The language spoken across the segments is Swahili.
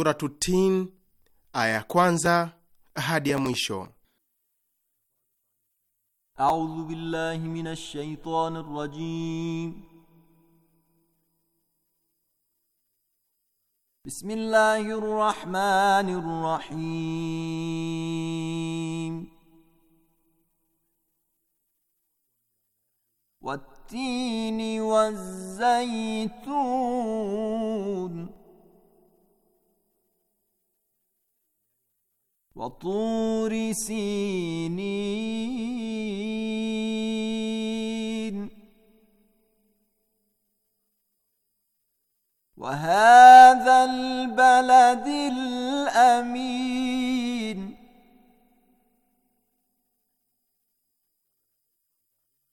Suratu Tin aya kwanza hadi ya mwisho. A'udhu billahi minash shaitani rajim. Bismillahir rahmanir rahim. wat waz-zaytun وطور سينين وهذا البلد الامين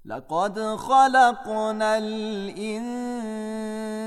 لقد خلقنا الانسان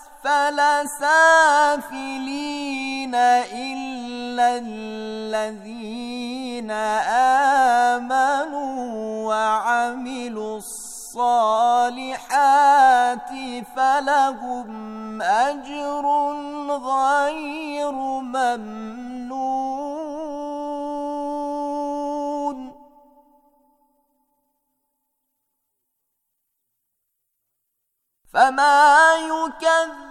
أسفل سافلين إلا الذين آمنوا وعملوا الصالحات فلهم أجر غير ممنون فما يكذب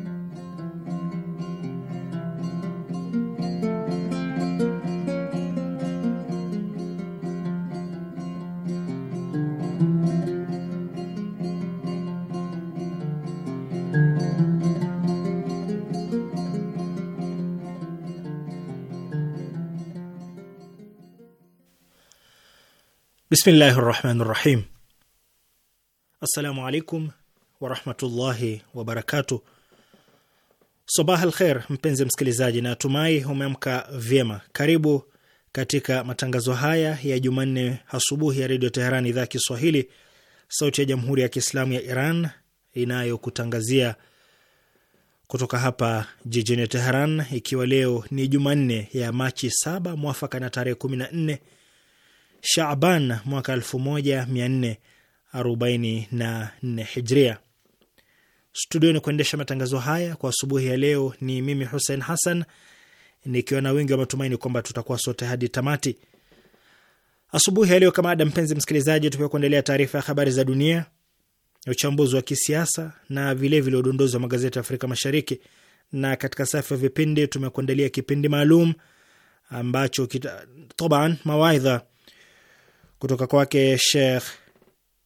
Bismillahi rahmani rahim. Assalamu alaikum warahmatullahi wabarakatu. Sabah al kher, mpenzi msikilizaji, na tumai umeamka vyema. Karibu katika matangazo haya ya Jumanne asubuhi ya Redio Teheran, idhaa Kiswahili, sauti ya Jamhuri ya Kiislamu ya Iran inayokutangazia kutoka hapa jijini Teheran, ikiwa leo ni Jumanne ya Machi saba mwafaka na tarehe kumi na nne Shaban mwaka 1444 Hijria. Studio ni kuendesha matangazo haya kwa asubuhi ya leo ni mimi Hussein Hassan, nikiwa na wingi wa matumaini kwamba tutakuwa sote hadi tamati asubuhi ya leo. Kama ada, mpenzi msikilizaji, tukiwa kuendelea taarifa ya habari za dunia, uchambuzi wa kisiasa na vilevile udondozi wa magazeti ya Afrika Mashariki, na katika safu ya vipindi tumekuandalia kipindi maalum ambacho kita... toban mawaidha kutoka kwake Sheikh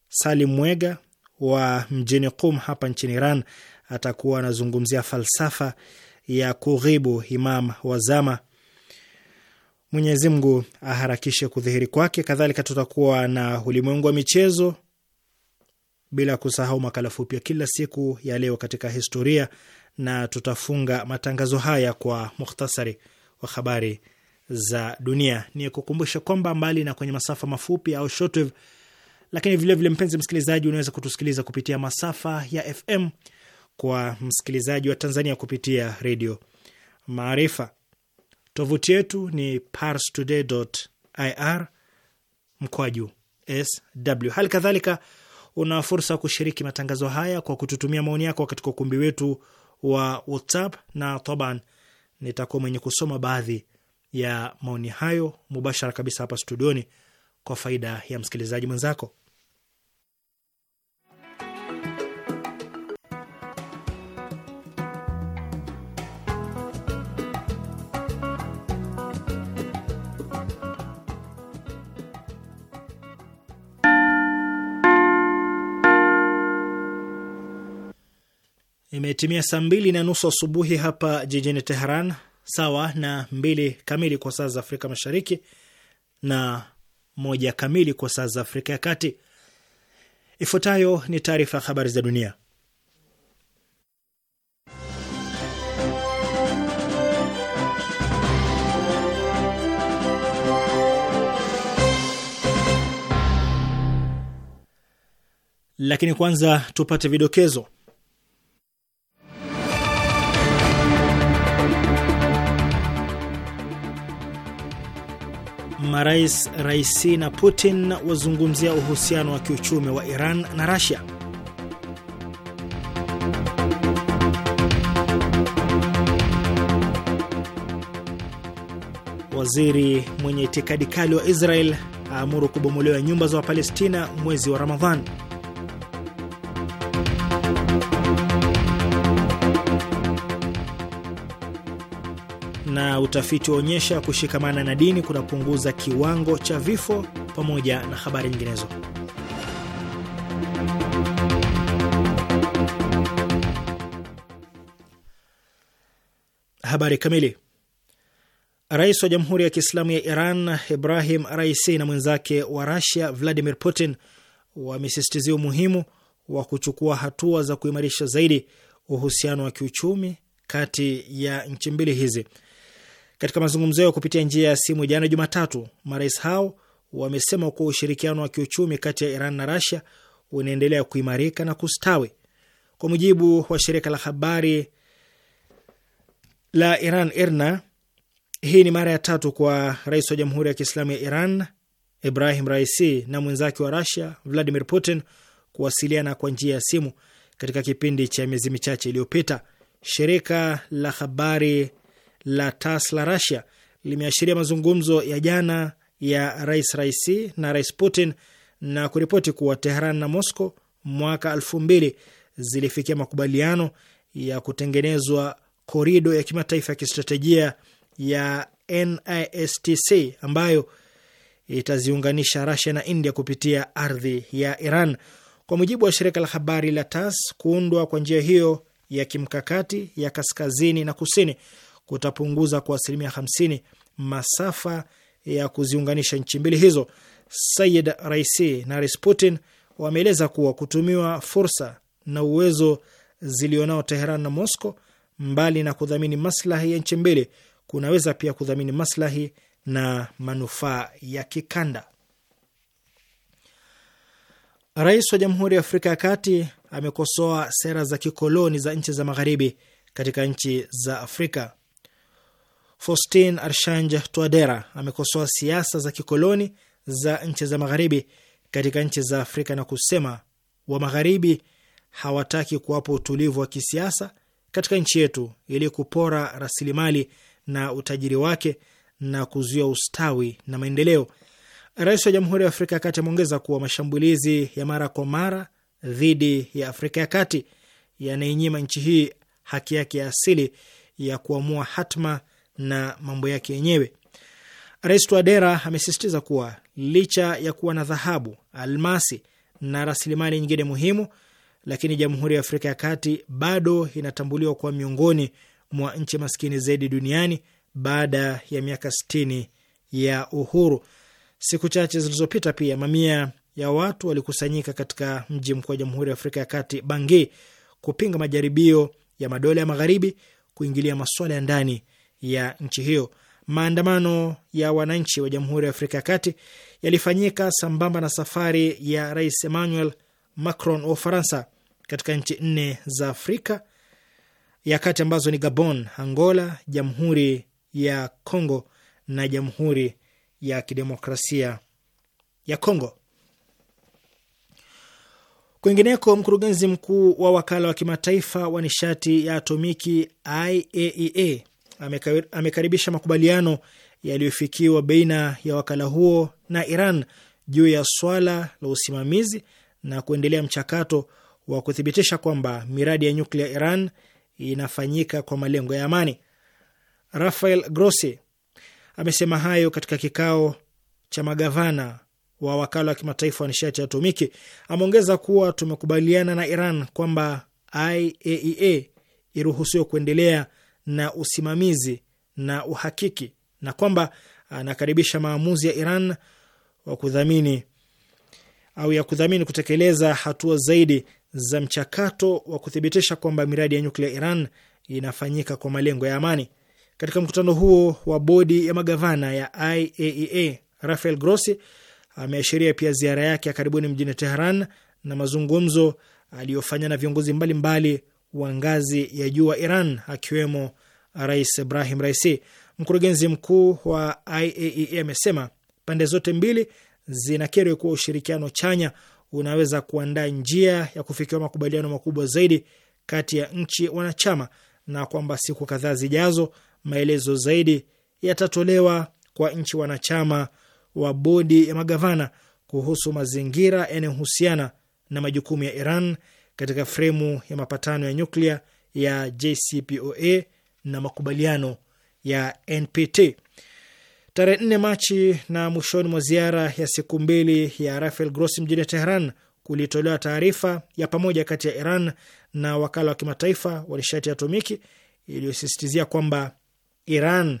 Salim Mwega wa mjini Qum hapa nchini Iran. Atakuwa anazungumzia falsafa ya kughibu Imam wazama, Mwenyezi Mungu aharakishe kudhihiri kwake. Kadhalika tutakuwa na ulimwengu wa michezo, bila kusahau makala fupi ya kila siku ya leo katika historia, na tutafunga matangazo haya kwa mukhtasari wa habari za dunia. Ni kukumbusha kwamba mbali na kwenye masafa mafupi au shortwave, lakini vilevile vile, mpenzi msikilizaji, unaweza kutusikiliza kupitia masafa ya FM kwa msikilizaji wa Tanzania kupitia redio Maarifa. Tovuti yetu ni parstoday.ir mkwaju sw. Hali kadhalika una fursa ya kushiriki matangazo haya kwa kututumia maoni yako katika ukumbi wetu wa WhatsApp na Taban nitakuwa mwenye kusoma baadhi ya maoni hayo mubashara kabisa hapa studioni kwa faida ya msikilizaji mwenzako. Imetimia saa mbili na nusu asubuhi hapa jijini Teheran, sawa na mbili kamili kwa saa za Afrika Mashariki na moja kamili kwa saa za Afrika ya Kati. Ifuatayo ni taarifa ya habari za dunia, lakini kwanza tupate vidokezo. marais Raisi na Putin wazungumzia uhusiano wa kiuchumi wa Iran na rasia Waziri mwenye itikadi kali wa Israel aamuru kubomolewa nyumba za Wapalestina mwezi wa Ramadhan. na utafiti waonyesha kushikamana na dini kunapunguza kiwango cha vifo, pamoja na habari nyinginezo. Habari kamili. Rais wa Jamhuri ya Kiislamu ya Iran Ibrahim Raisi na mwenzake wa Rasia Vladimir Putin wamesisitizia umuhimu wa kuchukua hatua za kuimarisha zaidi uhusiano wa kiuchumi kati ya nchi mbili hizi. Katika mazungumzo yao kupitia njia ya simu jana Jumatatu, marais hao wamesema kuwa ushirikiano wa kiuchumi kati ya Iran na Rasia unaendelea kuimarika na kustawi. Kwa mujibu wa shirika la habari la Iran IRNA, hii ni mara ya tatu kwa rais wa Jamhuri ya Kiislamu ya Iran Ibrahim Raisi na mwenzake wa Rasia Vladimir Putin kuwasiliana kwa njia ya simu katika kipindi cha miezi michache iliyopita. Shirika la habari la TAS la rusia limeashiria mazungumzo ya jana ya Rais Raisi na Rais Putin na kuripoti kuwa Tehran na Moscow mwaka elfu mbili zilifikia makubaliano ya kutengenezwa korido ya kimataifa ya kistratejia ya NISTC ambayo itaziunganisha Rasia na India kupitia ardhi ya Iran. Kwa mujibu wa shirika la habari la TAS, kuundwa kwa njia hiyo ya kimkakati ya kaskazini na kusini kutapunguza kwa asilimia 50 masafa ya kuziunganisha nchi mbili hizo. Sayid Raisi na Rais Putin wameeleza kuwa kutumiwa fursa na uwezo zilionao Teheran na Moscow, mbali na kudhamini maslahi ya nchi mbili, kunaweza pia kudhamini maslahi na manufaa ya kikanda. Rais wa Jamhuri ya Afrika ya Kati amekosoa sera za kikoloni za nchi za magharibi katika nchi za Afrika. Faustin Archange Touadera amekosoa siasa za kikoloni za nchi za magharibi katika nchi za Afrika na kusema wa magharibi hawataki kuwapa utulivu wa kisiasa katika nchi yetu ili kupora rasilimali na utajiri wake na kuzuia ustawi na maendeleo. Rais wa Jamhuri ya Afrika ya Kati ameongeza kuwa mashambulizi ya mara kwa mara dhidi ya Afrika ya Kati yanainyima nchi hii haki yake ya asili ya kuamua hatma na mambo yake yenyewe. Rais Tuadera amesisitiza kuwa licha ya kuwa na dhahabu, almasi na rasilimali nyingine muhimu, lakini Jamhuri ya Afrika ya Kati bado inatambuliwa kuwa miongoni mwa nchi maskini zaidi duniani baada ya miaka sitini ya uhuru. Siku chache zilizopita, pia mamia ya watu walikusanyika katika mji mkuu wa Jamhuri ya Afrika ya Kati, Bangui, kupinga majaribio ya madola ya magharibi kuingilia masuala ya ndani ya nchi hiyo. Maandamano ya wananchi wa Jamhuri ya Afrika ya Kati yalifanyika sambamba na safari ya Rais Emmanuel Macron wa Ufaransa katika nchi nne za Afrika ya Kati ambazo ni Gabon, Angola, Jamhuri ya Kongo na Jamhuri ya Kidemokrasia ya Kongo. Kwingineko, mkurugenzi mkuu wa wakala wa kimataifa wa nishati ya atomiki IAEA e amekaribisha makubaliano yaliyofikiwa baina ya wakala huo na Iran juu ya swala la usimamizi na kuendelea mchakato wa kuthibitisha kwamba miradi ya nyuklia Iran inafanyika kwa malengo ya amani. Rafael Grossi amesema hayo katika kikao cha magavana wa wakala wa kimataifa wa nishati ya atomiki. Ameongeza kuwa tumekubaliana na Iran kwamba IAEA e iruhusiwe kuendelea na usimamizi na uhakiki na kwamba anakaribisha maamuzi ya Iran wa kudhamini au ya kudhamini kutekeleza hatua zaidi za mchakato wa kuthibitisha kwamba miradi ya nyuklia Iran inafanyika kwa malengo ya amani. Katika mkutano huo wa bodi ya magavana ya IAEA, e Rafael Grossi ameashiria pia ziara yake ya karibuni mjini Tehran na mazungumzo aliyofanya na viongozi mbalimbali mbali wa ngazi ya juu wa Iran akiwemo Rais Ibrahim Raisi. Mkurugenzi mkuu wa IAEA e amesema pande zote mbili zinakiri kuwa ushirikiano chanya unaweza kuandaa njia ya kufikiwa makubaliano makubwa zaidi kati ya nchi wanachama na kwamba siku kadhaa zijazo maelezo zaidi yatatolewa kwa nchi wanachama wa bodi ya magavana kuhusu mazingira yanayohusiana na majukumu ya Iran katika fremu ya mapatano ya nyuklia ya JCPOA na makubaliano ya NPT. Tarehe nne Machi na mwishoni mwa ziara ya siku mbili ya Rafael Grossi mjini Tehran kulitolewa taarifa ya pamoja kati ya Iran na wakala wa kimataifa wa nishati ya atomiki iliyosisitizia kwamba Iran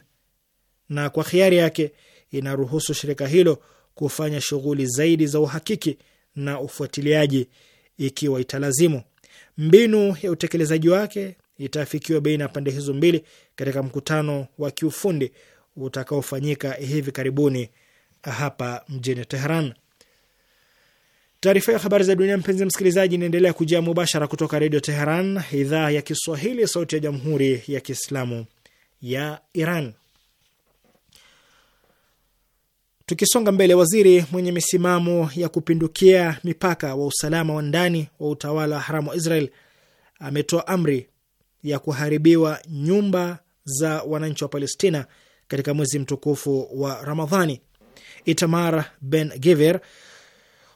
na kwa hiari yake inaruhusu shirika hilo kufanya shughuli zaidi za uhakiki na ufuatiliaji ikiwa italazimu. Mbinu ya utekelezaji wake itafikiwa baina ya pande hizo mbili katika mkutano wa kiufundi utakaofanyika hivi karibuni hapa mjini teheran Taarifa ya habari za dunia, mpenzi msikilizaji, inaendelea kujia mubashara kutoka Redio Teheran, idhaa ya Kiswahili, sauti ya Jamhuri ya Kiislamu ya Iran. Tukisonga mbele, waziri mwenye misimamo ya kupindukia mipaka wa usalama wa ndani wa utawala wa haramu wa Israel ametoa amri ya kuharibiwa nyumba za wananchi wa Palestina katika mwezi mtukufu wa Ramadhani. Itamar Ben gever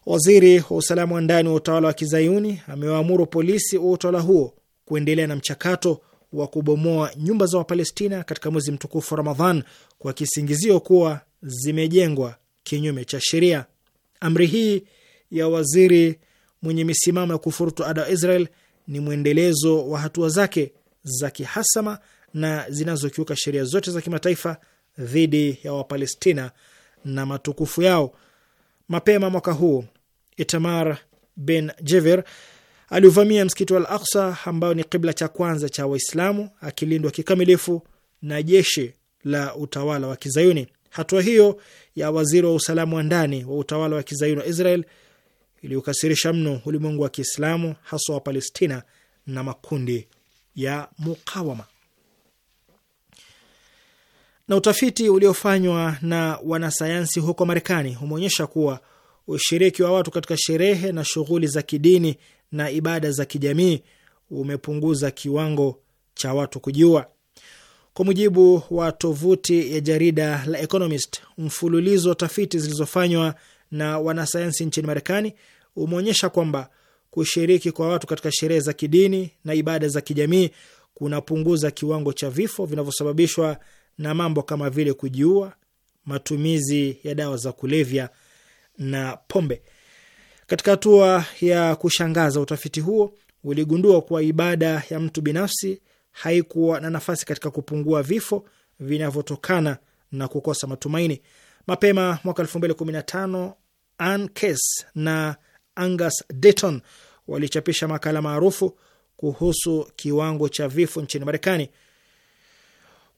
waziri wa usalama wa ndani wa utawala wa Kizayuni, amewaamuru polisi wa utawala huo kuendelea na mchakato wa kubomoa nyumba za Wapalestina katika mwezi mtukufu wa Ramadhan kwa kisingizio kuwa zimejengwa kinyume cha sheria. Amri hii ya waziri mwenye misimamo ya kufurutu ada wa Israel ni mwendelezo wa hatua zake za kihasama na zinazokiuka sheria zote za kimataifa dhidi ya Wapalestina na matukufu yao. Mapema mwaka huu Itamar Ben Jever aliuvamia msikiti wa Al Aksa ambayo ni kibla cha kwanza cha Waislamu, akilindwa kikamilifu na jeshi la utawala wa Kizayuni. Hatua hiyo ya waziri wa usalama wa ndani wa utawala wa kizayuni wa Israel iliukasirisha mno ulimwengu wa Kiislamu, haswa wa Palestina na makundi ya mukawama. Na utafiti uliofanywa na wanasayansi huko Marekani umeonyesha kuwa ushiriki wa watu katika sherehe na shughuli za kidini na ibada za kijamii umepunguza kiwango cha watu kujiua. Kwa mujibu wa tovuti ya jarida la Economist, mfululizo wa tafiti zilizofanywa na wanasayansi nchini Marekani umeonyesha kwamba kushiriki kwa watu katika sherehe za kidini na ibada za kijamii kunapunguza kiwango cha vifo vinavyosababishwa na mambo kama vile kujiua, matumizi ya dawa za kulevya na pombe. Katika hatua ya kushangaza, utafiti huo uligundua kuwa ibada ya mtu binafsi haikuwa na nafasi katika kupungua vifo vinavyotokana na kukosa matumaini. Mapema mwaka 2015 Anne Case na Angus Deaton walichapisha makala maarufu kuhusu kiwango cha vifo nchini Marekani.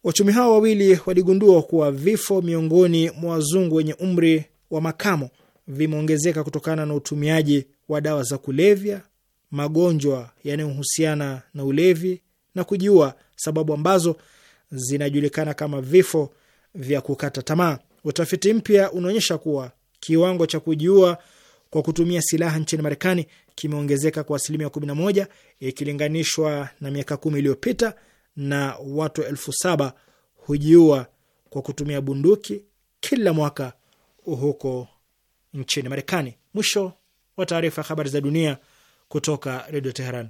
Wachumi hao wawili waligundua kuwa vifo miongoni mwa wazungu wenye umri wa makamo vimeongezeka kutokana na utumiaji wa dawa za kulevya, magonjwa yanayohusiana na ulevi, na kujiua, sababu ambazo zinajulikana kama vifo vya kukata tamaa. Utafiti mpya unaonyesha kuwa kiwango cha kujiua kwa kutumia silaha nchini Marekani kimeongezeka kwa asilimia 11 ikilinganishwa na miaka kumi iliyopita, na watu elfu saba hujiua kwa kutumia bunduki kila mwaka huko nchini Marekani. Mwisho wa taarifa ya habari za dunia kutoka Redio Teheran.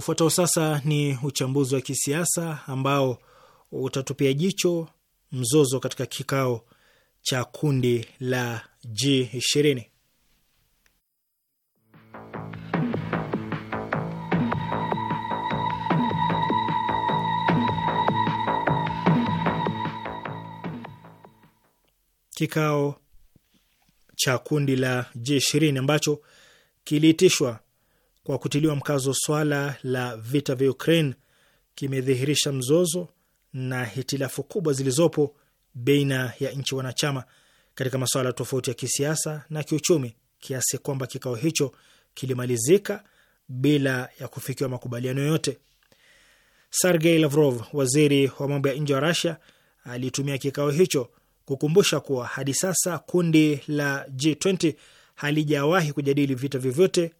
Ufuatao sasa ni uchambuzi wa kisiasa ambao utatupia jicho mzozo katika kikao cha kundi la G20. Kikao cha kundi la G20 ambacho kiliitishwa kwa kutiliwa mkazo swala la vita vya Ukraine kimedhihirisha mzozo na hitilafu kubwa zilizopo baina ya nchi wanachama katika masuala tofauti ya kisiasa na kiuchumi, kiasi kwamba kikao hicho kilimalizika bila ya kufikiwa makubaliano yote. Sergei Lavrov, waziri wa mambo ya nje wa rasia alitumia kikao hicho kukumbusha kuwa hadi sasa kundi la G20 halijawahi kujadili vita vyovyote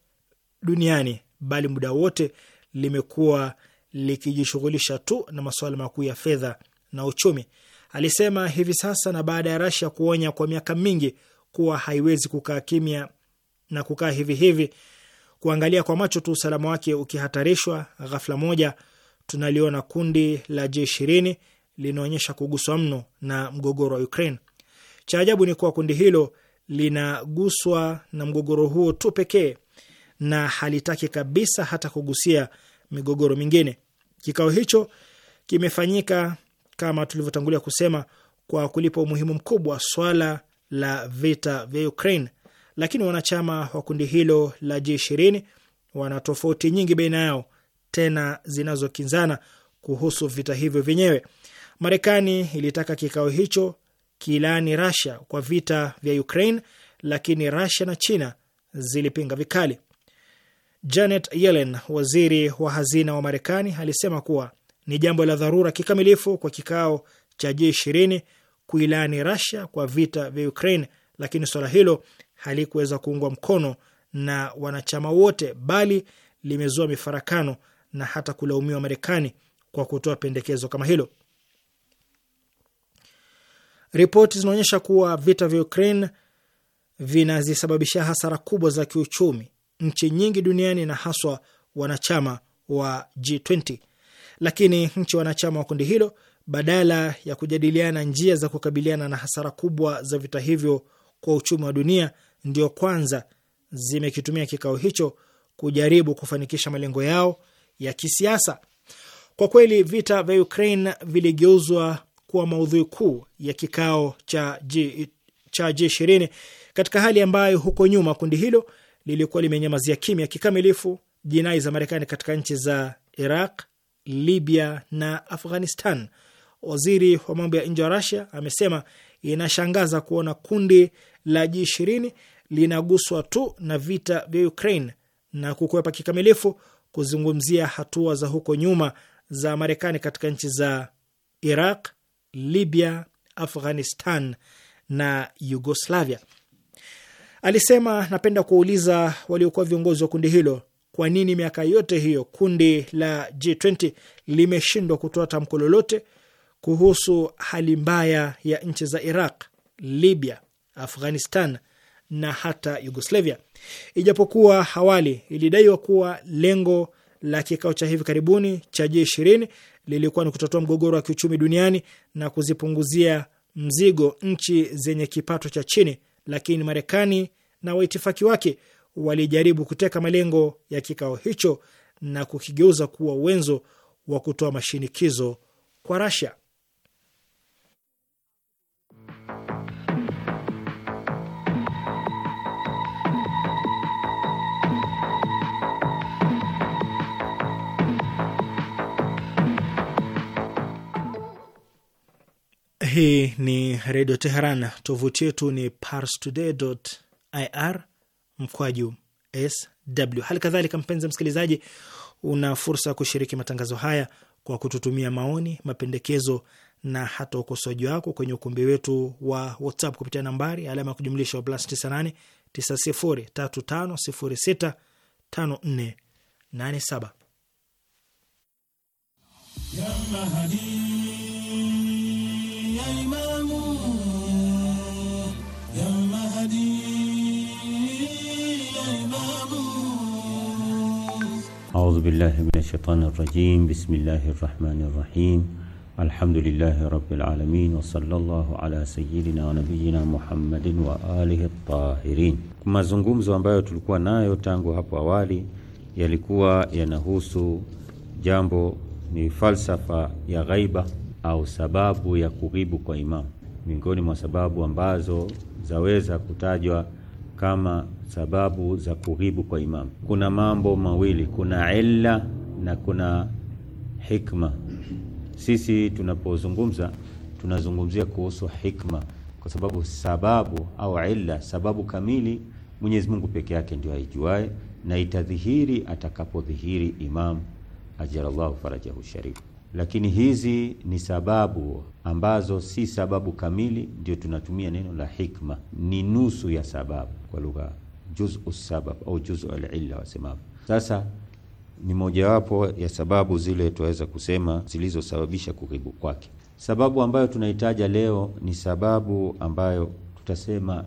duniani, bali muda wote limekuwa likijishughulisha tu na masuala makuu ya fedha na uchumi, alisema hivi sasa. Na baada ya Rasia kuonya kwa miaka mingi kuwa haiwezi kukaa kimya na kukaa hivi hivi kuangalia kwa macho tu usalama wake ukihatarishwa, ghafla moja tunaliona kundi la J ishirini linaonyesha kuguswa mno na mgogoro wa Ukraine. Cha ajabu ni kuwa kundi hilo linaguswa na mgogoro huo tu pekee na halitaki kabisa hata kugusia migogoro mingine. Kikao hicho kimefanyika kama tulivyotangulia kusema, kwa kulipa umuhimu mkubwa swala la vita vya Ukraine, lakini wanachama wa kundi hilo la G20 wana tofauti nyingi baina yao, tena zinazokinzana kuhusu vita hivyo vyenyewe. Marekani ilitaka kikao hicho kilaani Russia kwa vita vya Ukraine, lakini Russia na China zilipinga vikali. Janet Yellen, waziri wa hazina wa Marekani, alisema kuwa ni jambo la dharura kikamilifu kwa kikao cha G20 kuilani Russia kwa vita vya Ukraine, lakini suala hilo halikuweza kuungwa mkono na wanachama wote, bali limezua mifarakano na hata kulaumiwa Marekani kwa kutoa pendekezo kama hilo. Ripoti zinaonyesha kuwa vita vya Ukraine vinazisababishia hasara kubwa za kiuchumi nchi nyingi duniani na haswa wanachama wa G20. Lakini nchi wanachama wa kundi hilo badala ya kujadiliana njia za kukabiliana na hasara kubwa za vita hivyo kwa uchumi wa dunia, ndio kwanza zimekitumia kikao hicho kujaribu kufanikisha malengo yao ya kisiasa. Kwa kweli, vita vya Ukraine viligeuzwa kuwa maudhui kuu ya kikao cha G, cha G20 katika hali ambayo huko nyuma kundi hilo lilikuwa limenyamazia kimya kikamilifu jinai za Marekani katika nchi za Iraq, Libya na Afghanistan. Waziri wa mambo ya nje wa rusia amesema inashangaza kuona kundi la ji ishirini linaguswa tu na vita vya Ukraine na kukwepa kikamilifu kuzungumzia hatua za huko nyuma za Marekani katika nchi za Iraq, Libya, Afghanistan na Yugoslavia. Alisema, napenda kuuliza waliokuwa viongozi wa kundi hilo, kwa nini miaka yote hiyo kundi la G20 limeshindwa kutoa tamko lolote kuhusu hali mbaya ya nchi za Iraq, Libya, Afghanistan na hata Yugoslavia. Ijapokuwa awali ilidaiwa kuwa lengo la kikao cha hivi karibuni cha G20 lilikuwa ni kutatua mgogoro wa kiuchumi duniani na kuzipunguzia mzigo nchi zenye kipato cha chini, lakini Marekani na waitifaki wake walijaribu kuteka malengo ya kikao hicho na kukigeuza kuwa uwenzo wa kutoa mashinikizo kwa Russia. Hii ni Redio Teheran. Tovuti yetu ni parstoday.ir mkwaju sw. Hali kadhalika, mpenzi msikilizaji, una fursa ya kushiriki matangazo haya kwa kututumia maoni, mapendekezo na hata ukosoaji wako kwenye ukumbi wetu wa WhatsApp kupitia nambari alama ya kujumlisha wa plus 98 9035065487. أعوذ بالله من الشيطان الرجيم بسم الله الرحمن الرحيم الحمد لله رب العالمين وصلى الله على سيدنا ونبينا محمد وآله الطاهرين mazungumzo ambayo tulikuwa nayo tangu hapo awali yalikuwa yanahusu jambo ni falsafa ya ghaiba au sababu ya kughibu kwa imamu miongoni mwa sababu ambazo zaweza kutajwa kama sababu za kughibu kwa imamu. Kuna mambo mawili, kuna illa na kuna hikma. Sisi tunapozungumza tunazungumzia kuhusu hikma, kwa sababu sababu au illa, sababu kamili Mwenyezi Mungu peke yake ndio aijuae, na itadhihiri atakapodhihiri Imam ajalallahu farajahu sharifu lakini hizi ni sababu ambazo si sababu kamili, ndio tunatumia neno la hikma. Ni nusu ya sababu kwa lugha juzu sabab au juzu alilla wasemavyo. Sasa ni mojawapo ya sababu zile tunaweza kusema zilizosababisha kuribu kwake. Sababu ambayo tunaitaja leo ni sababu ambayo tutasema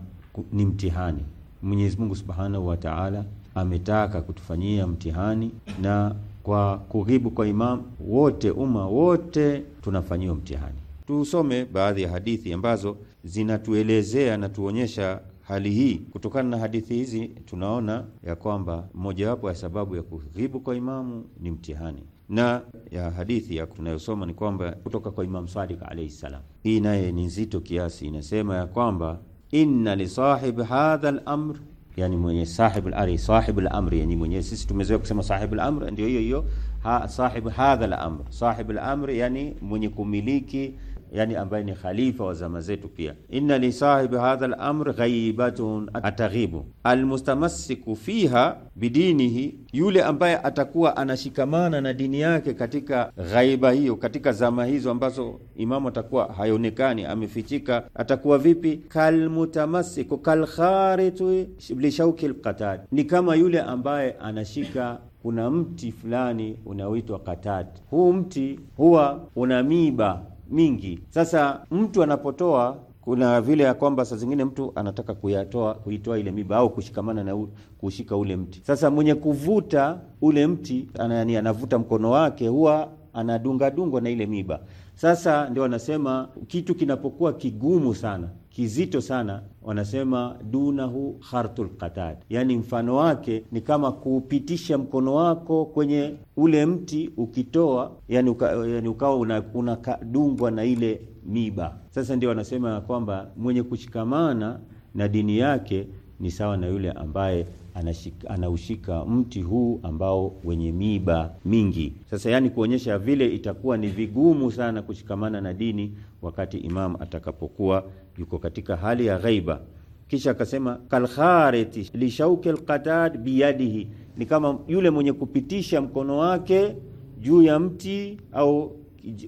ni mtihani. Mwenyezi Mungu Subhanahu wa Ta'ala ametaka kutufanyia mtihani na kwa kughibu kwa imam wote, umma wote tunafanyiwa mtihani. Tusome baadhi ya hadithi ambazo zinatuelezea na tuonyesha hali hii. Kutokana na hadithi hizi, tunaona ya kwamba mojawapo ya sababu ya kughibu kwa imamu ni mtihani, na ya hadithi ya tunayosoma ni kwamba kutoka kwa Imam Sadiq alayhi salam, hii naye ni nzito kiasi, inasema ya kwamba inna lisahib hadha al-amr yani mwenye sahibul ari sahibul amri, yani mwenye sisi tumezoea kusema sahibul amri ndio hiyo hiyo ha, sahibu hadha al amr sahibul yani mwenye kumiliki yani ambaye ni khalifa wa zama zetu pia. inna li sahibi hadha al-amr ghaibatun ataghibu almustamassiku fiha bidinihi, yule ambaye atakuwa anashikamana na dini yake katika ghaiba hiyo, katika zama hizo ambazo imamu atakuwa hayonekani amefichika, atakuwa vipi? kalmutamassiku kalkharitu lishauki lqatad, ni kama yule ambaye anashika kuna mti fulani unaoitwa katati. Huu mti huwa una miba mingi. Sasa mtu anapotoa kuna vile ya kwamba saa zingine mtu anataka kuyatoa kuitoa ile miba au kushikamana na u, kushika ule mti. Sasa mwenye kuvuta ule mti anani, anavuta mkono wake huwa anadungadungwa na ile miba. Sasa ndio anasema kitu kinapokuwa kigumu sana, kizito sana, wanasema dunahu khartul qatad, yani mfano wake ni kama kupitisha mkono wako kwenye ule mti ukitoa, yani uka, yani ukawa unadungwa una na ile miba. Sasa ndio wanasema ya kwamba mwenye kushikamana na dini yake ni sawa na yule ambaye anashika, anaushika mti huu ambao wenye miiba mingi. Sasa yani kuonyesha vile itakuwa ni vigumu sana kushikamana na dini wakati imam atakapokuwa yuko katika hali ya ghaiba. Kisha akasema kalkhareti lishauke lqatad biyadihi, ni kama yule mwenye kupitisha mkono wake juu ya mti au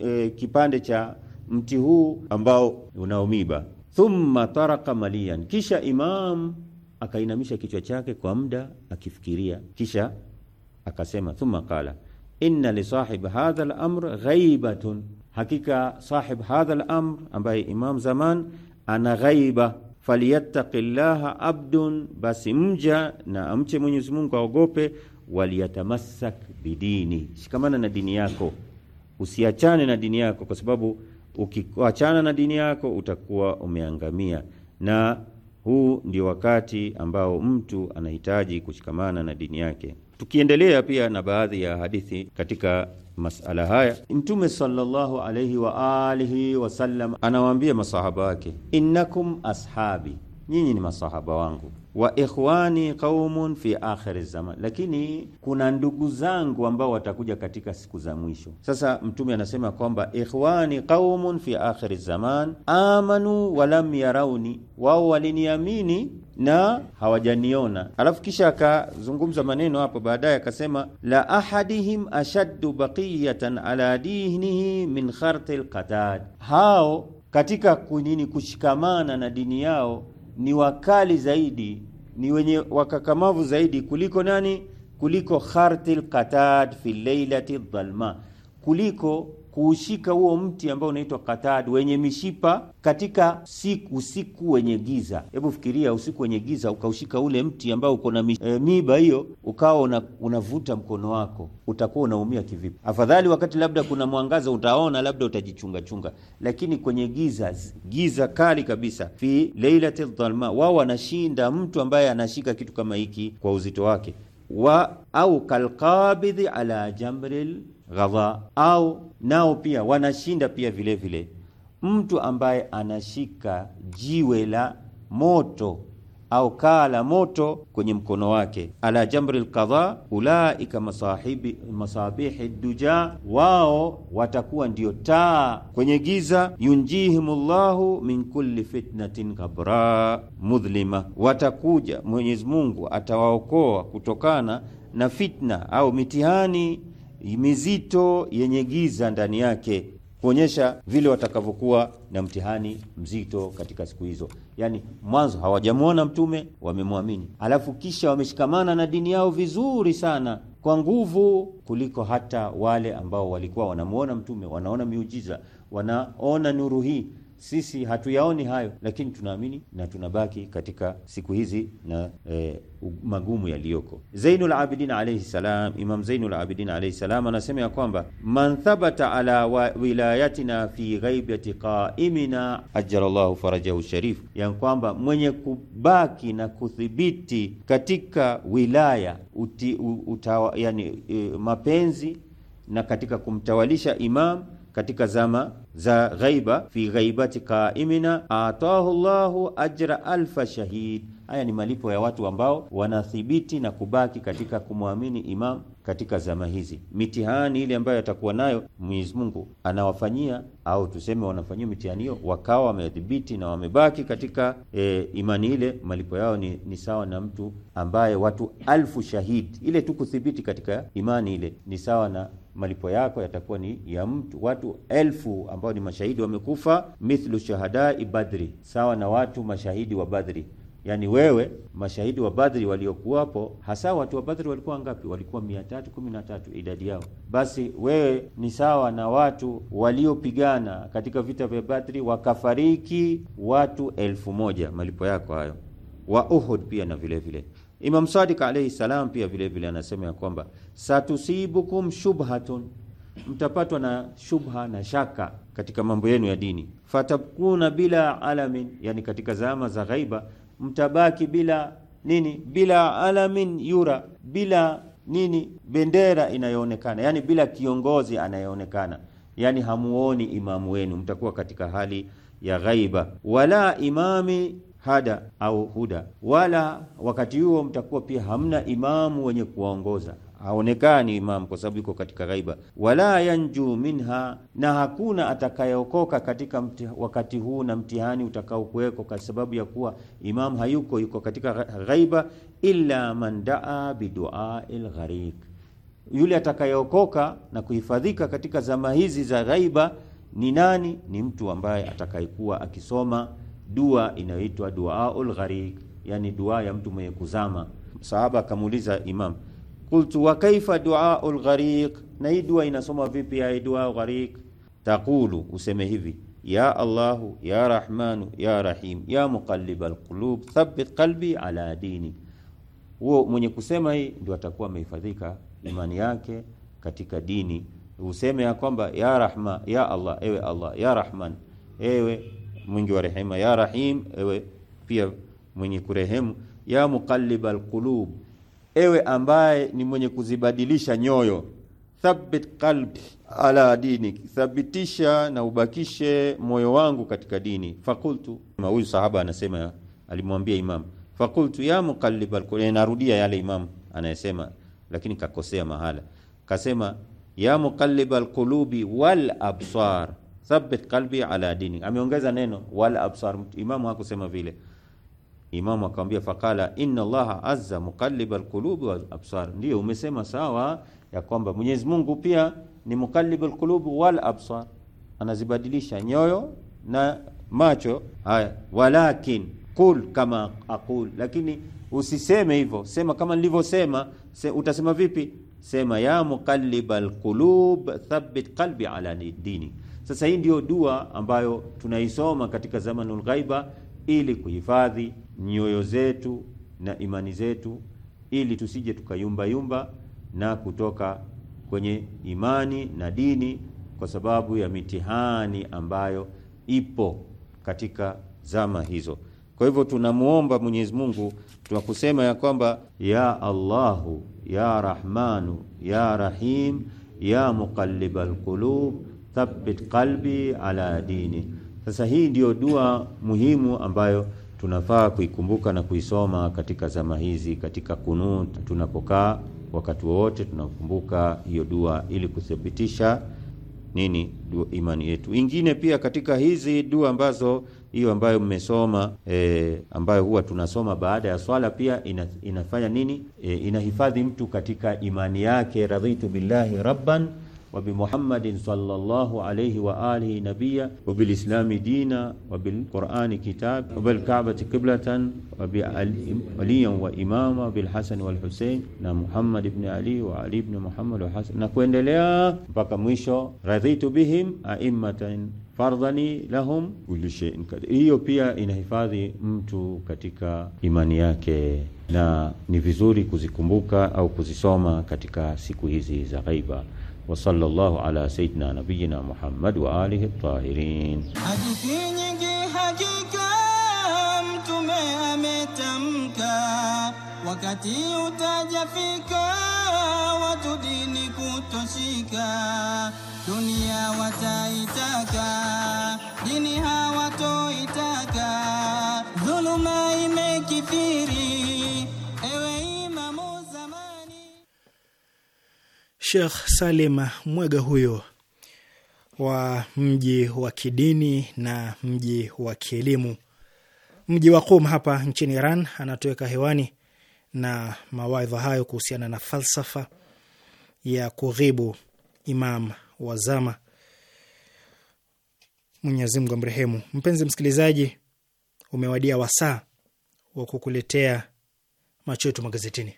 e, kipande cha mti huu ambao unaomiba. Thumma taraka malian, kisha imam akainamisha kichwa chake kwa muda akifikiria, kisha akasema, thumma qala inna li sahib hadha al-amr ghaibatun, hakika sahib hadha al-amr ambaye Imam Zaman ana ghaiba. Falyattaqi llaha abdun, basi mja na amche Mwenyezi Mungu aogope. Waliyatamassak bidini, shikamana na dini yako, usiachane na dini yako, kwa sababu ukiachana na dini yako utakuwa umeangamia na huu ndio wakati ambao mtu anahitaji kushikamana na dini yake. Tukiendelea pia na baadhi ya hadithi katika masala haya, Mtume sallallahu alayhi wa alihi wasallam anawaambia masahaba wake, innakum ashabi, nyinyi ni masahaba wangu wa ikhwani qaumun fi akhir zaman, lakini kuna ndugu zangu ambao watakuja katika siku za mwisho. Sasa Mtume anasema kwamba ikhwani qaumun fi akhir zaman amanu walam yarauni, wao waliniamini na hawajaniona. Alafu kisha akazungumza maneno hapo baadaye, akasema la ahadihim ashaddu baqiyatan ala dinihi min kharti lqatad, hao katika kunini kushikamana na dini yao ni wakali zaidi, ni wenye wakakamavu zaidi kuliko nani? Kuliko khartil qatad fi lailati dhalma, kuliko kuushika huo mti ambao unaitwa katad wenye mishipa katika siku, usiku wenye giza. Hebu fikiria usiku wenye giza, ukaushika ule mti ambao uko na e, miba hiyo, ukawa una, unavuta mkono wako, utakuwa unaumia kivipi? Afadhali wakati labda kuna mwangaza, utaona labda utajichunga chunga, lakini kwenye giza, giza kali kabisa, fi lailati dhalma, wao wanashinda mtu ambaye anashika kitu kama hiki kwa uzito wake wa au kalqabidhi ala jamril ghadha au nao pia wanashinda pia vile vile mtu ambaye anashika jiwe la moto au kaa la moto kwenye mkono wake, ala jamri lqadha ulaika masahibi masabihi duja, wao watakuwa ndio taa kwenye giza. Yunjihim llahu min kulli fitnatin kabra mudhlima, watakuja Mwenyezi Mungu atawaokoa kutokana na fitna au mitihani mizito yenye giza ndani yake, kuonyesha vile watakavyokuwa na mtihani mzito katika siku hizo. Yaani mwanzo hawajamwona mtume, wamemwamini, alafu kisha wameshikamana na dini yao vizuri sana kwa nguvu kuliko hata wale ambao walikuwa wanamwona mtume, wanaona miujiza, wanaona nuru hii sisi hatuyaoni hayo, lakini tunaamini na tunabaki katika siku hizi na e, magumu yaliyoko. Zainul Abidin alayhi salam, Imam Zainul Abidin alayhi salam anasema ya kwamba man thabata ala wilayatina fi ghaibati qaimina ajjalallahu farajahu sharif, ya kwamba mwenye kubaki na kuthibiti katika wilaya uti, utawa, yani, e, mapenzi na katika kumtawalisha imam katika zama za ghaiba, fi ghaibati qaimina atahu llahu ajra alfa shahid. Haya ni malipo ya watu ambao wanathibiti na kubaki katika kumwamini Imam katika zama hizi. Mitihani ile ambayo atakuwa nayo Mwenyezi Mungu anawafanyia au tuseme wanafanyia mitihani hiyo, wakawa wamedhibiti na wamebaki katika e, imani ile, malipo yao ni, ni sawa na mtu ambaye watu alfu shahid. Ile tu kuthibiti katika imani ile ni sawa na malipo yako yatakuwa ni ya mtu watu elfu ambao ni mashahidi wamekufa, mithlu shahadai Badri, sawa na watu mashahidi wa Badri. Yaani wewe mashahidi wa Badri waliokuwapo, hasa watu wa Badri walikuwa ngapi? Walikuwa mia tatu kumi na tatu idadi yao. Basi wewe ni sawa na watu waliopigana katika vita vya Badri wakafariki watu elfu moja, malipo yako hayo. Wa Uhud pia na vile vile Imam Sadiq alayhi salam pia vile vile anasema ya kwamba satusibukum shubhatun, mtapatwa na shubha na shaka katika mambo yenu ya dini. Fatabkuna bila alamin, yani katika zama za ghaiba mtabaki bila nini? Bila alamin yura, bila nini? Bendera inayoonekana, yani bila kiongozi anayeonekana, yani hamuoni imamu wenu, mtakuwa katika hali ya ghaiba. Wala imami hada au huda, wala wakati huo mtakuwa pia hamna imamu wenye kuwaongoza haonekani imamu kwa sababu yuko katika ghaiba. Wala yanju minha, na hakuna atakayeokoka katika mti, wakati huu na mtihani utakaokuweko kwa sababu ya kuwa imamu hayuko, yuko katika ghaiba. Illa man daa bidua gharik, yule atakayeokoka na kuhifadhika katika zama hizi za ghaiba ni nani? Ni mtu ambaye atakayekuwa akisoma dua inayoitwa duaul gharik, yani dua ya mtu mwenye kuzama. Sahaba akamuuliza Imam, qultu wa kaifa duaul gharik, na hii dua inasoma vipi? Ya dua gharik, taqulu, useme hivi ya Allahu ya Rahmanu ya Rahim ya muqallibal qulub thabbit qalbi ala dini. Huo mwenye kusema hii ndio atakuwa amehifadhika imani yake katika dini. Useme ya kwamba ya Rahma ya Allah, ewe Allah ya Rahman, ewe mwingi wa rehema, ya rahim, ewe pia mwenye kurehemu, ya muqallibal qulub, ewe ambaye ni mwenye kuzibadilisha nyoyo, thabbit qalbi ala dini thabitisha na ubakishe moyo wangu katika dini. Fakultu, huyu sahaba anasema, alimwambia Imam, fakultu ya muqallibal qulub, eh, narudia yale Imam anayesema, lakini kakosea mahala, kasema ya muqallibal qulubi wal absar thabbit qalbi ala dini, ameongeza neno wala absar. Imamu hakusema vile. Imamu akamwambia faqala inna Allaha azza muqallibal qulubi wal absar. Ndio umesema sawa ya kwamba Mwenyezi Mungu pia ni muqallibal qulubi wal absar, anazibadilisha nyoyo na macho. Haya, walakin qul kama aqul, lakini usiseme hivyo, sema kama nilivyosema. Se, utasema vipi? Sema ya muqallibal qulub thabbit qalbi ala dini sasa hii ndiyo dua ambayo tunaisoma katika zamanul ghaiba ili kuhifadhi nyoyo zetu na imani zetu, ili tusije tukayumbayumba na kutoka kwenye imani na dini kwa sababu ya mitihani ambayo ipo katika zama hizo. Kwa hivyo tunamwomba Mwenyezi Mungu kusema ya kwamba ya Allahu ya Rahmanu ya Rahim ya Muqallibal Qulub thabbit qalbi ala dini. Sasa hii ndio dua muhimu ambayo tunafaa kuikumbuka na kuisoma katika zama hizi, katika kunut tunapokaa, wakati wowote tunakumbuka hiyo dua ili kuthibitisha nini dua imani yetu. Ingine pia katika hizi dua ambazo hiyo ambayo mmesoma e, ambayo huwa tunasoma baada ya swala pia ina, inafanya nini e, inahifadhi mtu katika imani yake, radhitu billahi rabban wa bi Muhammadin sallallahu alayhi wa alihi nabiyya wa bil islami dina wa bil qur'ani kitab wa bil ka'bati qiblatan wa bi aliyan wa imama bil hasan wal husayn na Muhammad ibn Ali wa Ali ibn Muhammad wa Hasan na kuendelea mpaka mwisho. Radhitu bihim a'immatan fardhani lahum kulli shay'in qadir. Hiyo pia inahifadhi mtu katika imani yake na ni vizuri kuzikumbuka au kuzisoma katika siku hizi za ghaiba. وصلى الله على سيدنا نبينا Muhammad wa alihi tahirin. Hadithi nyingi hakika mtume wakati utajafika watu dini kutoshika, dunia wataitaka dini hawatoitaka, dhuluma imekithiri Shekh Salim Mwega huyo wa mji wa kidini na mji wa kielimu, mji wa Qum hapa nchini Iran, anatoweka hewani na mawaidha hayo kuhusiana na falsafa ya kughibu Imam wazama, Mwenyezi Mungu amrehemu. Mpenzi msikilizaji, umewadia wasaa wa kukuletea macho yetu magazetini.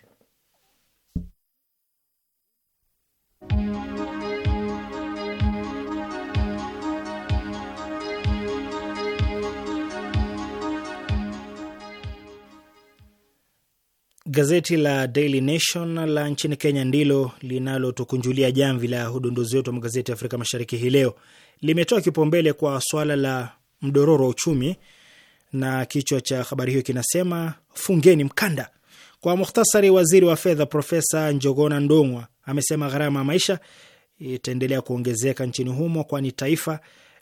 Gazeti la Daily Nation la nchini Kenya ndilo linalotukunjulia jamvi la udondozi wetu wa magazeti ya Afrika Mashariki hii leo. Limetoa kipaumbele kwa swala la mdororo wa uchumi na kichwa cha habari hiyo kinasema fungeni mkanda. Kwa mukhtasari, waziri wa fedha Profesa Njogona Ndong'wa amesema gharama ya maisha itaendelea kuongezeka nchini humo, kwani taifa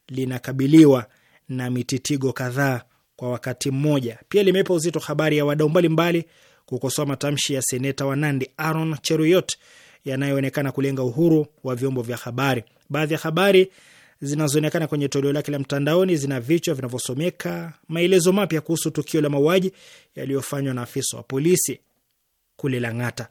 linakabiliwa na mititigo kadhaa kwa wakati mmoja. Pia limeipa uzito habari ya wadau mbalimbali kukosoa matamshi ya seneta wa Nandi Aaron Cheruiyot yanayoonekana kulenga uhuru wa vyombo vya habari. Baadhi ya habari zinazoonekana kwenye toleo lake la mtandaoni zina vichwa vinavyosomeka maelezo mapya kuhusu tukio la mauaji yaliyofanywa na afisa wa polisi kule Lang'ata,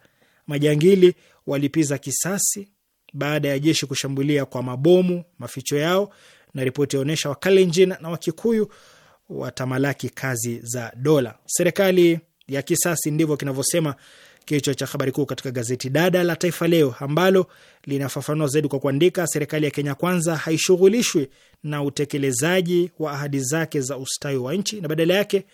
majangili walipiza kisasi baada ya jeshi kushambulia kwa mabomu maficho yao, na ripoti yaonyesha Wakalenjin na Wakikuyu watamalaki kazi za dola. Serikali ya kisasi, ndivyo kinavyosema kichwa cha habari kuu katika gazeti dada la Taifa Leo, ambalo linafafanua zaidi kwa kuandika, serikali ya Kenya Kwanza haishughulishwi na utekelezaji wa ahadi zake za ustawi wa nchi na badala yake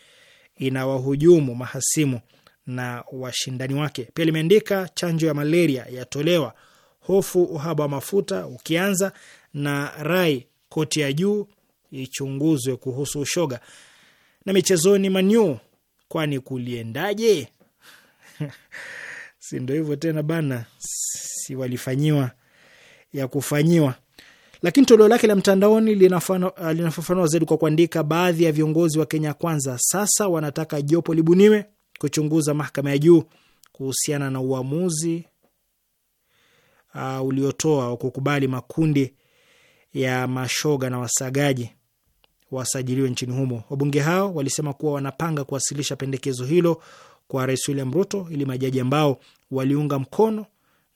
inawahujumu mahasimu na washindani wake. Pia limeandika chanjo ya malaria yatolewa, hofu uhaba wa mafuta ukianza, na rai koti ya juu ichunguzwe kuhusu ushoga. Na michezoni, Manyu kwani kuliendaje? si ndo hivyo tena bana, si walifanyiwa ya kufanyiwa. Lakini toleo lake la mtandaoni uh, linafafanua zaidi kwa kuandika, baadhi ya viongozi wa Kenya Kwanza sasa wanataka jopo libuniwe kuchunguza mahakama ya juu kuhusiana na uamuzi uh, uliotoa wa kukubali makundi ya mashoga na wasagaji wasajiliwe nchini humo. Wabunge hao walisema kuwa wanapanga kuwasilisha pendekezo hilo kwa Rais William Ruto ili majaji ambao waliunga mkono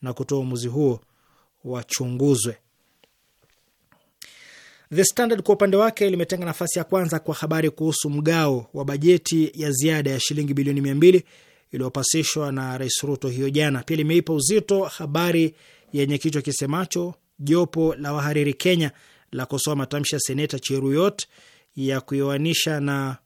na kutoa uamuzi huo wachunguzwe. The Standard kwa upande wake limetenga nafasi ya kwanza kwa habari kuhusu mgao wa bajeti ya ziada ya shilingi bilioni mia mbili iliyopasishwa na Rais Ruto hiyo jana. Pia limeipa uzito habari yenye kichwa kisemacho jopo la wahariri Kenya la kosoa matamshi ya seneta Cheruyot ya kuoanisha na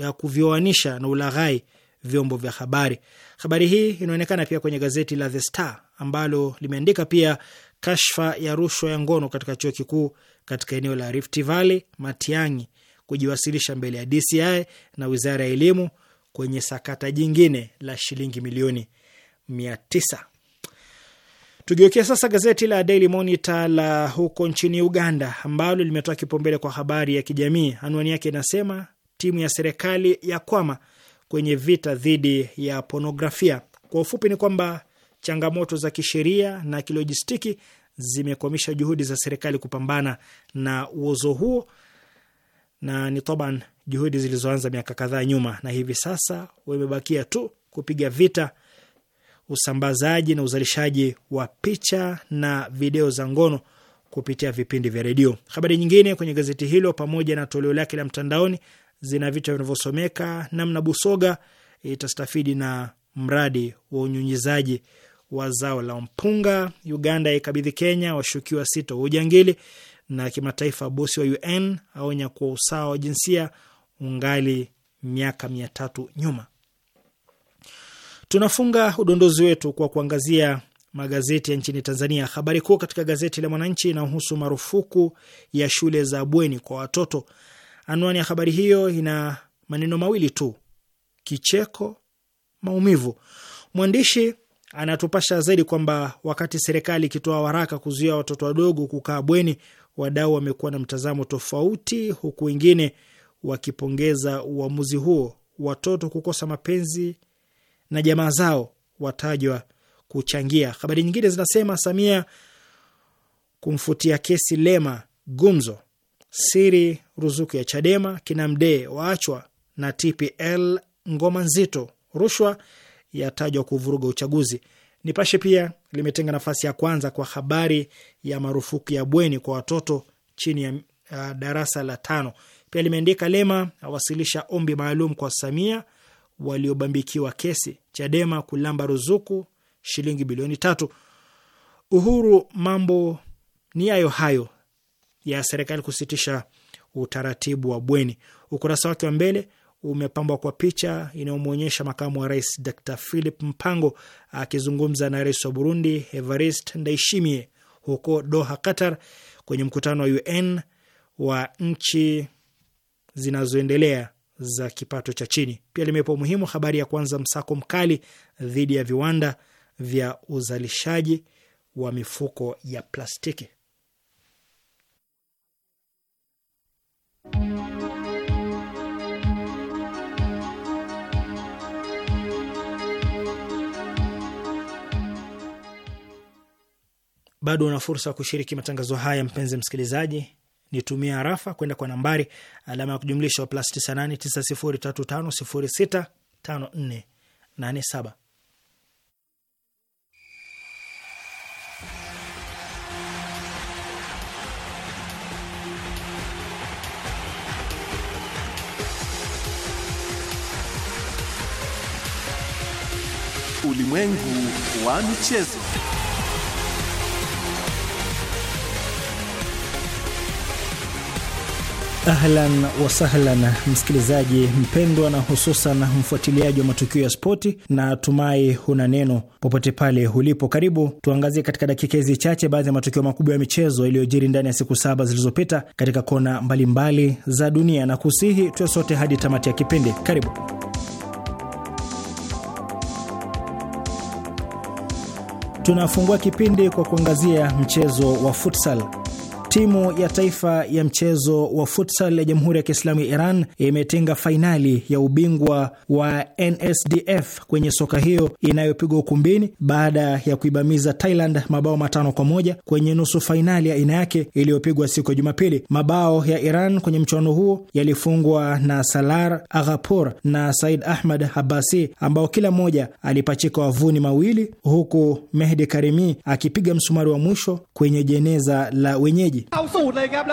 ya kuvyoanisha na ulaghai vyombo vya habari. Habari hii inaonekana pia kwenye gazeti la The Star ambalo limeandika pia kashfa ya rushwa ya ngono katika chuo kikuu katika eneo la Rift Valley, Matiang'i kujiwasilisha mbele ya DCI na Wizara ya Elimu kwenye sakata jingine la shilingi milioni mia tisa. Tugeukia sasa gazeti la Daily Monitor la huko nchini Uganda, ambalo limetoa kipaumbele kwa habari ya kijamii. Anwani yake inasema timu ya serikali ya kwama kwenye vita dhidi ya ponografia. Kwa ufupi ni kwamba changamoto za kisheria na kilojistiki zimekwamisha juhudi za serikali kupambana na uozo huo, na ni toban juhudi zilizoanza miaka kadhaa nyuma, na hivi sasa wamebakia tu kupiga vita usambazaji na uzalishaji wa picha na video za ngono kupitia vipindi vya redio. Habari nyingine kwenye gazeti hilo pamoja na toleo lake la mtandaoni zina vichwa vinavyosomeka namna Busoga itastafidi na mradi wa unyunyizaji wa zao la mpunga, Uganda ikabidhi Kenya washukiwa sita wa ujangili, na kimataifa, bosi wa UN aonya kuwa usawa wa jinsia ungali miaka mia tatu nyuma. Tunafunga udondozi wetu kwa kuangazia magazeti ya nchini Tanzania. Habari kuu katika gazeti la Mwananchi inahusu marufuku ya shule za bweni kwa watoto. Anwani ya habari hiyo ina maneno mawili tu, kicheko, maumivu. Mwandishi anatupasha zaidi kwamba wakati serikali ikitoa waraka kuzuia watoto wadogo kukaa bweni, wadau wamekuwa na mtazamo tofauti, huku wengine wakipongeza uamuzi huo. Watoto kukosa mapenzi na jamaa zao watajwa kuchangia. Habari nyingine zinasema Samia kumfutia kesi Lema gumzo, siri ruzuku ya Chadema, kina Mdee waachwa na TPL ngoma nzito, rushwa yatajwa kuvuruga uchaguzi. Nipashe pia limetenga nafasi ya kwanza kwa habari ya marufuku ya bweni kwa watoto chini ya uh, darasa la tano. Pia limeandika Lema awasilisha ombi maalum kwa Samia waliobambikiwa kesi, Chadema kulamba ruzuku shilingi bilioni tatu. Uhuru mambo ni yayo hayo ya serikali kusitisha utaratibu wa bweni. Ukurasa wake wa mbele umepambwa kwa picha inayomwonyesha makamu wa rais Dr Philip Mpango akizungumza na rais wa Burundi evarist ndaishimie huko Doha, Qatar, kwenye mkutano wa UN wa nchi zinazoendelea za kipato cha chini. Pia limepa umuhimu habari ya kuanza msako mkali dhidi ya viwanda vya uzalishaji wa mifuko ya plastiki. Bado una fursa ya kushiriki matangazo haya, mpenzi msikilizaji, nitumia arafa kwenda kwa nambari alama ya kujumlisha plus 989035065487. Ulimwengu wa michezo. Ahlan wasahlan, msikilizaji mpendwa, na hususan mfuatiliaji wa matukio ya spoti, na tumai huna neno popote pale ulipo. Karibu tuangazie katika dakika hizi chache baadhi ya matukio makubwa ya michezo yaliyojiri ndani ya siku saba zilizopita katika kona mbalimbali mbali za dunia, na kusihi tuwe sote hadi tamati ya kipindi. Karibu. Tunafungua kipindi kwa kuangazia mchezo wa futsal. Timu ya taifa ya mchezo wa futsal ya Jamhuri ya Kiislamu ya Iran imetinga fainali ya ubingwa wa NSDF kwenye soka hiyo inayopigwa ukumbini baada ya kuibamiza Thailand mabao matano kwa moja kwenye nusu fainali ya aina yake iliyopigwa siku ya Jumapili. Mabao ya Iran kwenye mchuano huo yalifungwa na Salar Aghapur na Said Ahmad Habasi ambao kila mmoja alipachika wavuni mawili huku Mehdi Karimi akipiga msumari wa mwisho kwenye jeneza la wenyeji. เอาสูตรเลยครับ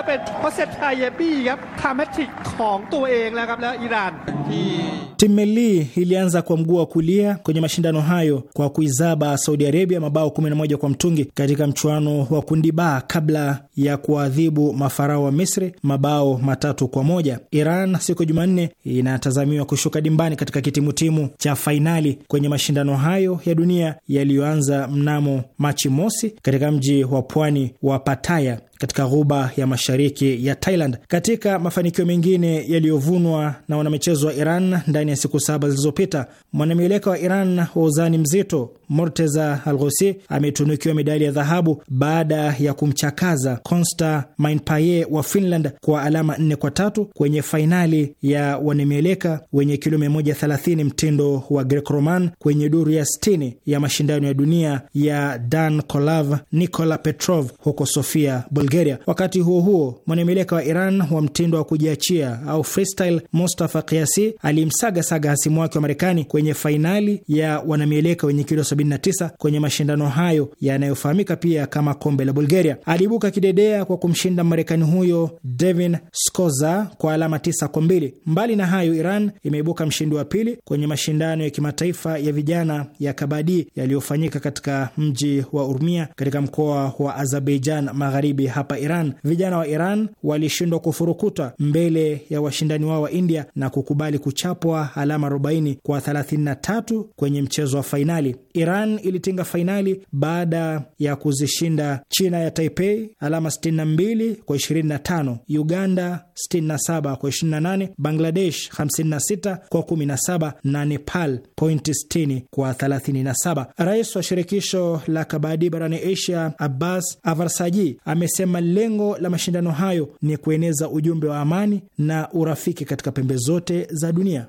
ilianza kwa mguu wa kulia kwenye mashindano hayo kwa kuizaba Saudi Arabia mabao 11 kwa mtungi katika mchuano wa kundi ba kabla ya kuadhibu mafarao wa Misri mabao matatu kwa moja. Iran siku ya Jumanne inatazamiwa kushuka dimbani katika kitimutimu cha fainali kwenye mashindano hayo ya dunia yaliyoanza mnamo Machi mosi katika mji wa pwani wa Pataya katika ghuba ya mashariki ya Thailand. Katika mafanikio mengine yaliyovunwa na wanamichezo wa Iran ndani ya siku saba zilizopita, mwanamieleka wa Iran wa uzani mzito Morteza Alghosi ametunukiwa medali ya dhahabu baada ya kumchakaza Consta Mainpaye wa Finland kwa alama nne kwa tatu kwenye fainali ya wanamieleka wenye kilo 130 mtindo wa Greco-Roman kwenye duru ya 60 ya mashindano ya dunia ya Dan Kolav Nikola Petrov huko Sofia, Bulgaria. Bulgaria. Wakati huo huo, mwanamieleka wa Iran wa mtindo wa kujiachia au freestyle Mustafa Kiasi alimsagasaga hasimu wake wa Marekani kwenye fainali ya wanamieleka wenye kilo 79 kwenye mashindano hayo yanayofahamika pia kama kombe la Bulgaria. Aliibuka kidedea kwa kumshinda Marekani huyo Devin Scoza kwa alama 9 kwa mbili. Mbali na hayo, Iran imeibuka mshindi wa pili kwenye mashindano ya kimataifa ya vijana ya kabadi yaliyofanyika katika mji wa Urmia katika mkoa wa Azerbaijan Magharibi hapa Iran. Vijana wa Iran walishindwa kufurukuta mbele ya washindani wao wa India na kukubali kuchapwa alama 40 kwa 33 kwenye mchezo wa fainali. Iran ilitinga fainali baada ya kuzishinda China ya Taipei alama 62 kwa 25, Uganda 67 kwa 28, Bangladesh 56 kwa 17 na Nepal pointi 60 kwa 37. Rais wa shirikisho la kabadi barani Asia Abbas Avarsaji amesema lengo la mashindano hayo ni kueneza ujumbe wa amani na urafiki katika pembe zote za dunia.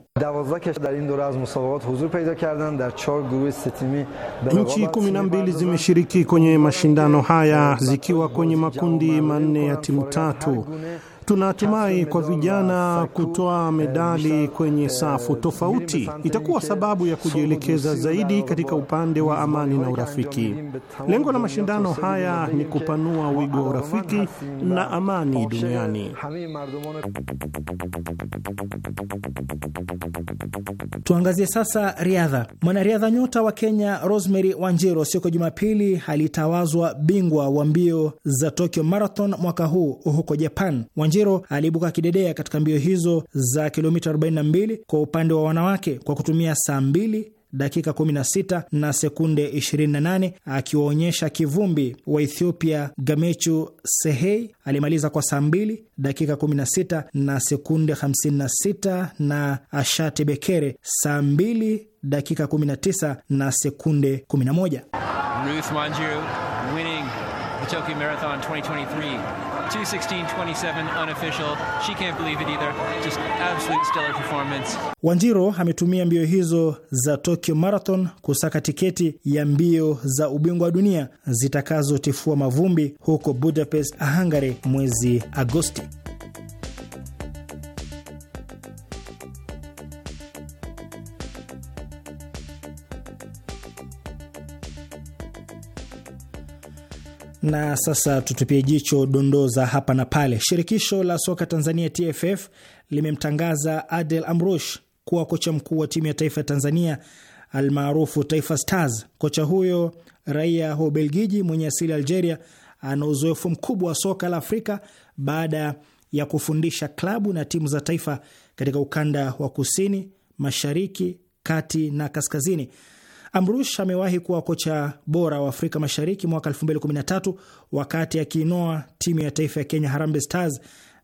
Nchi kumi na mbili zimeshiriki kwenye mashindano haya zikiwa kwenye makundi manne ya timu tatu. Tunatumai kwa vijana kutoa medali kwenye safu tofauti itakuwa sababu ya kujielekeza zaidi katika upande wa amani na urafiki. Lengo la mashindano haya ni kupanua wigo wa urafiki na amani duniani. Tuangazie sasa riadha. Mwanariadha nyota wa Kenya Rosemary wanjiro siku Jumapili alitawazwa bingwa wa mbio za Tokyo Marathon mwaka huu huko Japan. Kipchirchiro aliibuka kidedea katika mbio hizo za kilomita 42 kwa upande wa wanawake kwa kutumia saa 2 dakika 16 na sekunde 28, akiwaonyesha kivumbi wa Ethiopia Gamechu Sehei alimaliza kwa saa 2 dakika 16 na sekunde 56, na Ashate Bekere saa 2 dakika 19 na sekunde 11. Tokyo Marathon 2023. 216.27 unofficial. She can't believe it either. Just absolute stellar performance. Wanjiro ametumia mbio hizo za Tokyo Marathon kusaka tiketi ya mbio za ubingwa wa dunia zitakazotifua mavumbi huko Budapest, Hungary mwezi Agosti. Na sasa tutupie jicho dondoo za hapa na pale. Shirikisho la soka Tanzania TFF limemtangaza Adel Amrush kuwa kocha mkuu wa timu ya taifa ya Tanzania almaarufu Taifa Stars. Kocha huyo raia wa Ubelgiji mwenye asili Algeria ana uzoefu mkubwa wa soka la Afrika baada ya kufundisha klabu na timu za taifa katika ukanda wa kusini, mashariki, kati na kaskazini. Amrush amewahi kuwa kocha bora wa Afrika Mashariki mwaka 2013 wakati akiinoa timu ya taifa ya Kenya Harambee Stars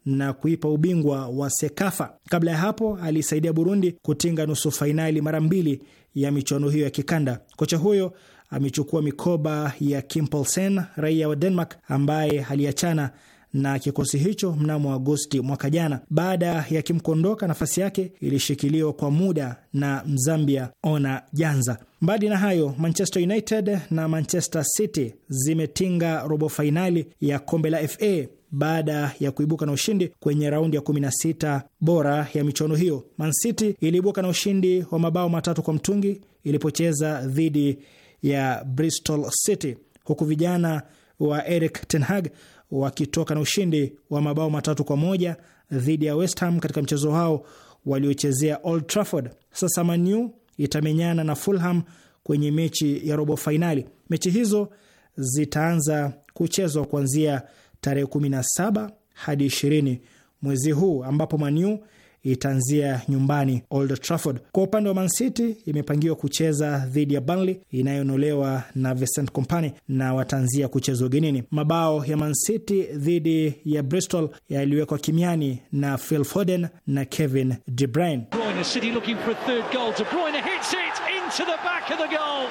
na kuipa ubingwa wa Sekafa. Kabla ya hapo, aliisaidia Burundi kutinga nusu fainali mara mbili ya michuano hiyo ya kikanda. Kocha huyo amechukua mikoba ya Kimpolsen, raia wa Denmark, ambaye aliachana na kikosi hicho mnamo Agosti mwaka jana. Baada ya kimkondoka, nafasi yake ilishikiliwa kwa muda na Mzambia Ona Janza. Mbali na hayo, Manchester United na Manchester City zimetinga robo fainali ya kombe la FA baada ya kuibuka na ushindi kwenye raundi ya 16 bora ya michuano hiyo. Man City iliibuka na ushindi wa mabao matatu kwa mtungi ilipocheza dhidi ya Bristol City, huku vijana wa Eric ten Hag wakitoka na ushindi wa mabao matatu kwa moja dhidi ya West Ham katika mchezo hao waliochezea Old Trafford. Sasa Manu itamenyana na Fulham kwenye mechi ya robo fainali. Mechi hizo zitaanza kuchezwa kuanzia tarehe 17 hadi 20 mwezi huu ambapo Manu itaanzia nyumbani Old Trafford. Kwa upande wa Man City imepangiwa kucheza dhidi ya Burnley inayonolewa na Vincent Kompany na wataanzia kucheza ugenini. Mabao ya Man City dhidi ya Bristol yaliwekwa kimiani na Phil Foden na Kevin De Bruyne to the back of the goal.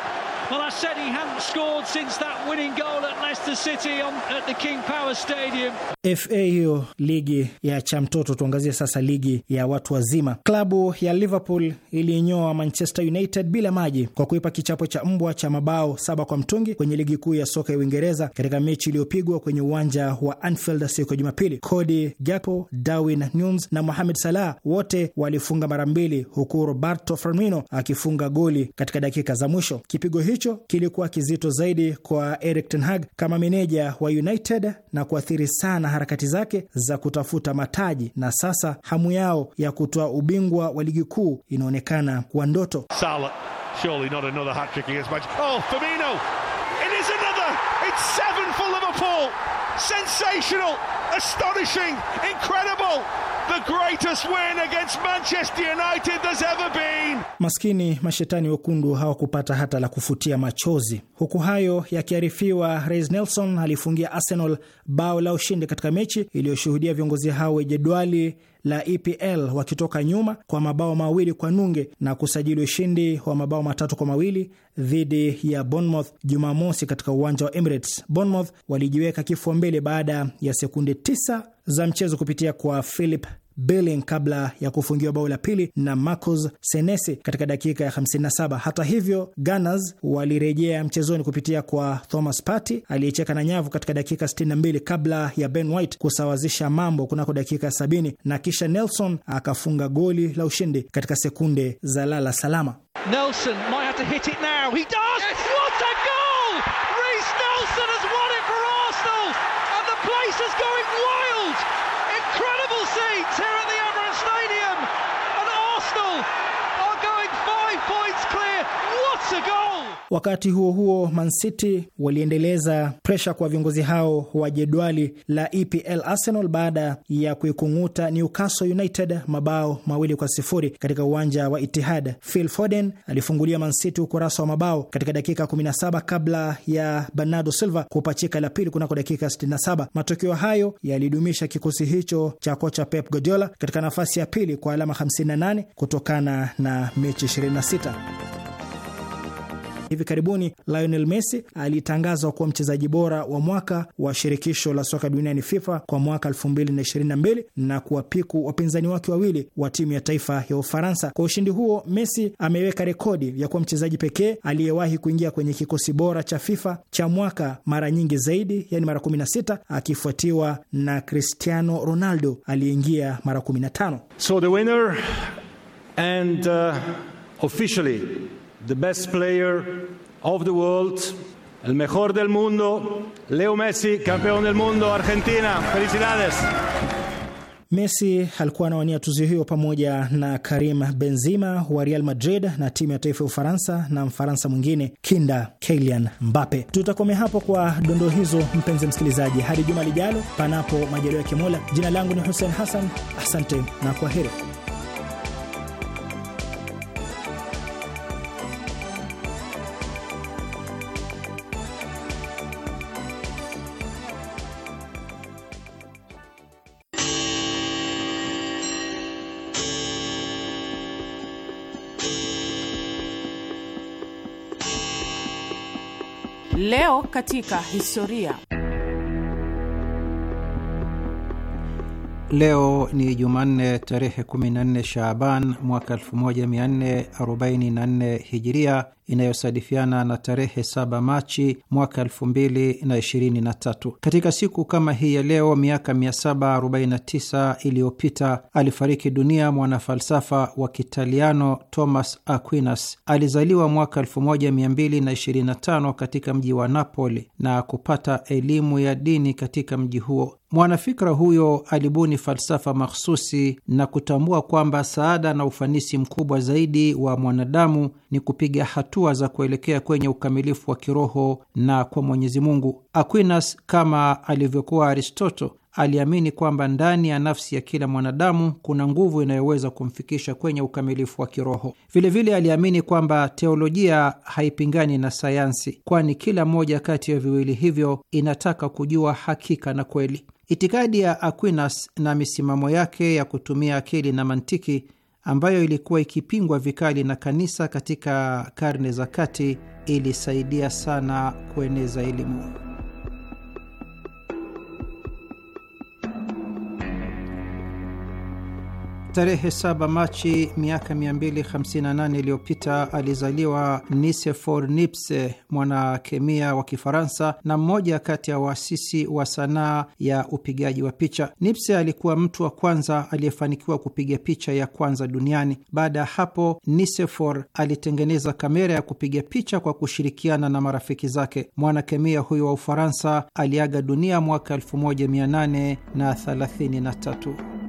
Well, I said he hadn't scored since that winning goal at Leicester City on, at the King Power Stadium. FA hiyo ligi ya cha mtoto. Tuangazie sasa ligi ya watu wazima. Klabu ya Liverpool ilinyoa Manchester United bila maji kwa kuipa kichapo cha mbwa cha mabao saba kwa mtungi kwenye ligi kuu ya soka ya Uingereza katika mechi iliyopigwa kwenye uwanja wa Anfield siku ya Jumapili. Cody Gakpo, Darwin Nunes na Mohamed Salah wote walifunga mara mbili, huku Roberto Firmino akifunga goli katika dakika za mwisho. Kipigo hicho kilikuwa kizito zaidi kwa Erik ten Hag kama meneja wa United na kuathiri sana harakati zake za kutafuta mataji, na sasa hamu yao ya kutoa ubingwa wa ligi kuu inaonekana kuwa ndoto. The greatest win against Manchester United there's ever been. Maskini mashetani wekundu hawakupata hata la kufutia machozi. Huku hayo yakiarifiwa, Reiss Nelson alifungia Arsenal bao la ushindi katika mechi iliyoshuhudia viongozi hao jedwali la EPL wakitoka nyuma kwa mabao mawili kwa nunge na kusajili ushindi wa mabao matatu kwa mawili dhidi ya Bournemouth Jumamosi katika uwanja wa Emirates. Bournemouth walijiweka kifua mbele baada ya sekunde tisa za mchezo kupitia kwa Philip Billing kabla ya kufungiwa bao la pili na Marcos Senesi katika dakika ya 57. Hata hivyo, Gunners walirejea mchezoni kupitia kwa Thomas party aliyecheka na nyavu katika dakika 62 kabla ya Ben White kusawazisha mambo kunako dakika 70 na kisha Nelson akafunga goli la ushindi katika sekunde za lala salama. Nelson might have to hit it now. He does! Yes! Wakati huo huo, Man City waliendeleza presha kwa viongozi hao wa jedwali la EPL Arsenal baada ya kuikung'uta Newcastle United mabao mawili kwa sifuri katika uwanja wa Itihad. Phil Foden alifungulia Man City ukurasa wa mabao katika dakika 17 kabla ya Bernardo Silva kupachika la pili kunako dakika 67. Matokeo hayo yalidumisha kikosi hicho cha kocha Pep Guardiola katika nafasi ya pili kwa alama 58 kutokana na mechi 26. Hivi karibuni Lionel Messi alitangazwa kuwa mchezaji bora wa mwaka wa shirikisho la soka duniani FIFA kwa mwaka 2022 na kuwapiku wapinzani wake wawili wa timu ya taifa ya Ufaransa. Kwa ushindi huo, Messi ameweka rekodi ya kuwa mchezaji pekee aliyewahi kuingia kwenye kikosi bora cha FIFA cha mwaka mara nyingi zaidi, yani mara 16, akifuatiwa na Cristiano Ronaldo aliyeingia mara 15. So the winner and uh, officially the best player of the world, el mejor del mundo, Leo Messi, campeón del mundo, Argentina. Felicidades. Messi alikuwa anawania tuzo hiyo pamoja na Karim Benzema wa Real Madrid na timu ya taifa ya Ufaransa na Mfaransa mwingine kinda Kylian Mbappe. Tutakomea hapo kwa dondoo hizo, mpenzi msikilizaji, hadi juma lijalo, panapo majaliwa ya Kimola. Jina langu ni Hussein Hassan, asante na kwaheri. katika historia. Leo ni Jumanne tarehe 14 Shaaban mwaka 1444 Hijiria, inayosadifiana na tarehe 7 Machi mwaka 2023. Katika siku kama hii ya leo miaka 749 iliyopita alifariki dunia mwanafalsafa wa Kitaliano Thomas Aquinas. Alizaliwa mwaka 1225 katika mji wa Napoli na kupata elimu ya dini katika mji huo. Mwanafikra huyo alibuni falsafa mahsusi na kutambua kwamba saada na ufanisi mkubwa zaidi wa mwanadamu ni kupiga hatua hatua za kuelekea kwenye ukamilifu wa kiroho na kwa Mwenyezi Mungu. Aquinas, kama alivyokuwa Aristoto, aliamini kwamba ndani ya nafsi ya kila mwanadamu kuna nguvu inayoweza kumfikisha kwenye ukamilifu wa kiroho. Vilevile vile aliamini kwamba teolojia haipingani na sayansi, kwani kila moja kati ya viwili hivyo inataka kujua hakika na kweli. Itikadi ya Aquinas na misimamo yake ya kutumia akili na mantiki ambayo ilikuwa ikipingwa vikali na kanisa katika karne za kati ilisaidia sana kueneza elimu. Tarehe 7 Machi miaka 258 iliyopita alizaliwa Nisefor Nipse, mwanakemia wa Kifaransa na mmoja kati ya waasisi wa sanaa ya upigaji wa picha. Nipse alikuwa mtu wa kwanza aliyefanikiwa kupiga picha ya kwanza duniani. Baada ya hapo, Nisefor alitengeneza kamera ya kupiga picha kwa kushirikiana na marafiki zake. Mwanakemia huyo wa Ufaransa aliaga dunia mwaka 1833.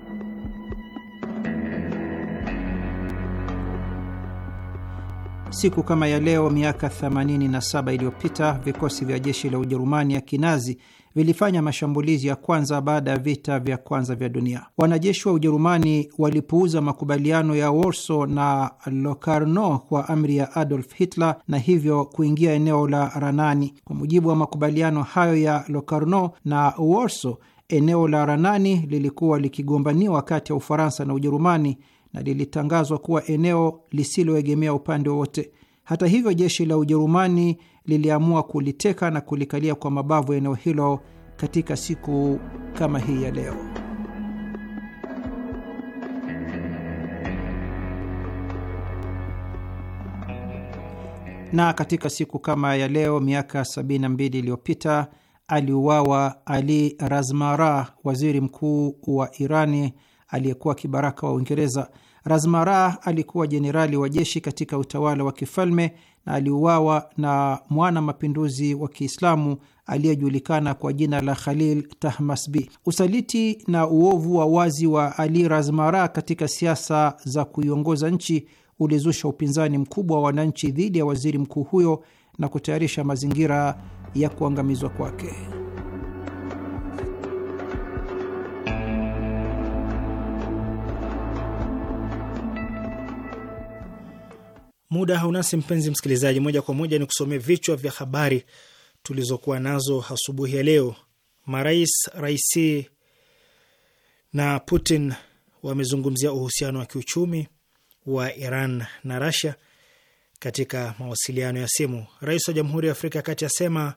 Siku kama ya leo miaka 87 iliyopita vikosi vya jeshi la Ujerumani ya kinazi vilifanya mashambulizi ya kwanza baada ya vita vya kwanza vya dunia. Wanajeshi wa Ujerumani walipuuza makubaliano ya Warsaw na Locarno kwa amri ya Adolf Hitler na hivyo kuingia eneo la Ranani. Kwa mujibu wa makubaliano hayo ya Locarno na Warsaw, eneo la Ranani lilikuwa likigombaniwa kati ya Ufaransa na Ujerumani na lilitangazwa kuwa eneo lisiloegemea upande wowote. Hata hivyo, jeshi la Ujerumani liliamua kuliteka na kulikalia kwa mabavu eneo hilo katika siku kama hii ya leo. Na katika siku kama ya leo miaka 72 iliyopita aliuawa Ali Razmara, waziri mkuu wa Irani aliyekuwa kibaraka wa Uingereza. Razmara alikuwa jenerali wa jeshi katika utawala wa kifalme na aliuawa na mwana mapinduzi wa Kiislamu aliyejulikana kwa jina la Khalil Tahmasbi. Usaliti na uovu wa wazi wa Ali Razmara katika siasa za kuiongoza nchi ulizusha upinzani mkubwa wa wananchi dhidi ya waziri mkuu huyo na kutayarisha mazingira ya kuangamizwa kwake. Muda haunasi mpenzi msikilizaji, moja kwa moja ni kusomea vichwa vya habari tulizokuwa nazo asubuhi ya leo. Marais Raisi na Putin wamezungumzia uhusiano wa kiuchumi wa Iran na Rasia katika mawasiliano ya simu. Rais wa Jamhuri ya Afrika ya Kati asema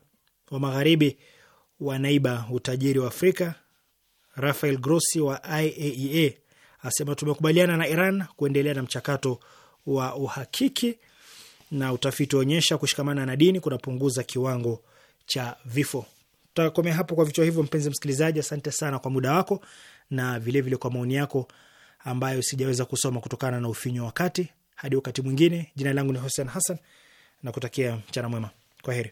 wa magharibi wanaiba utajiri wa Afrika. Rafael Grossi wa IAEA e asema tumekubaliana na Iran kuendelea na mchakato wa uhakiki, na utafiti waonyesha kushikamana na dini kunapunguza kiwango cha vifo. Tutakomea hapo kwa vichwa hivyo, mpenzi msikilizaji. Asante sana kwa muda wako na vilevile vile kwa maoni yako ambayo sijaweza kusoma kutokana na ufinyo wa wakati. Hadi wakati mwingine, jina langu ni Hussein Hassan na kutakia mchana mwema. Kwa heri.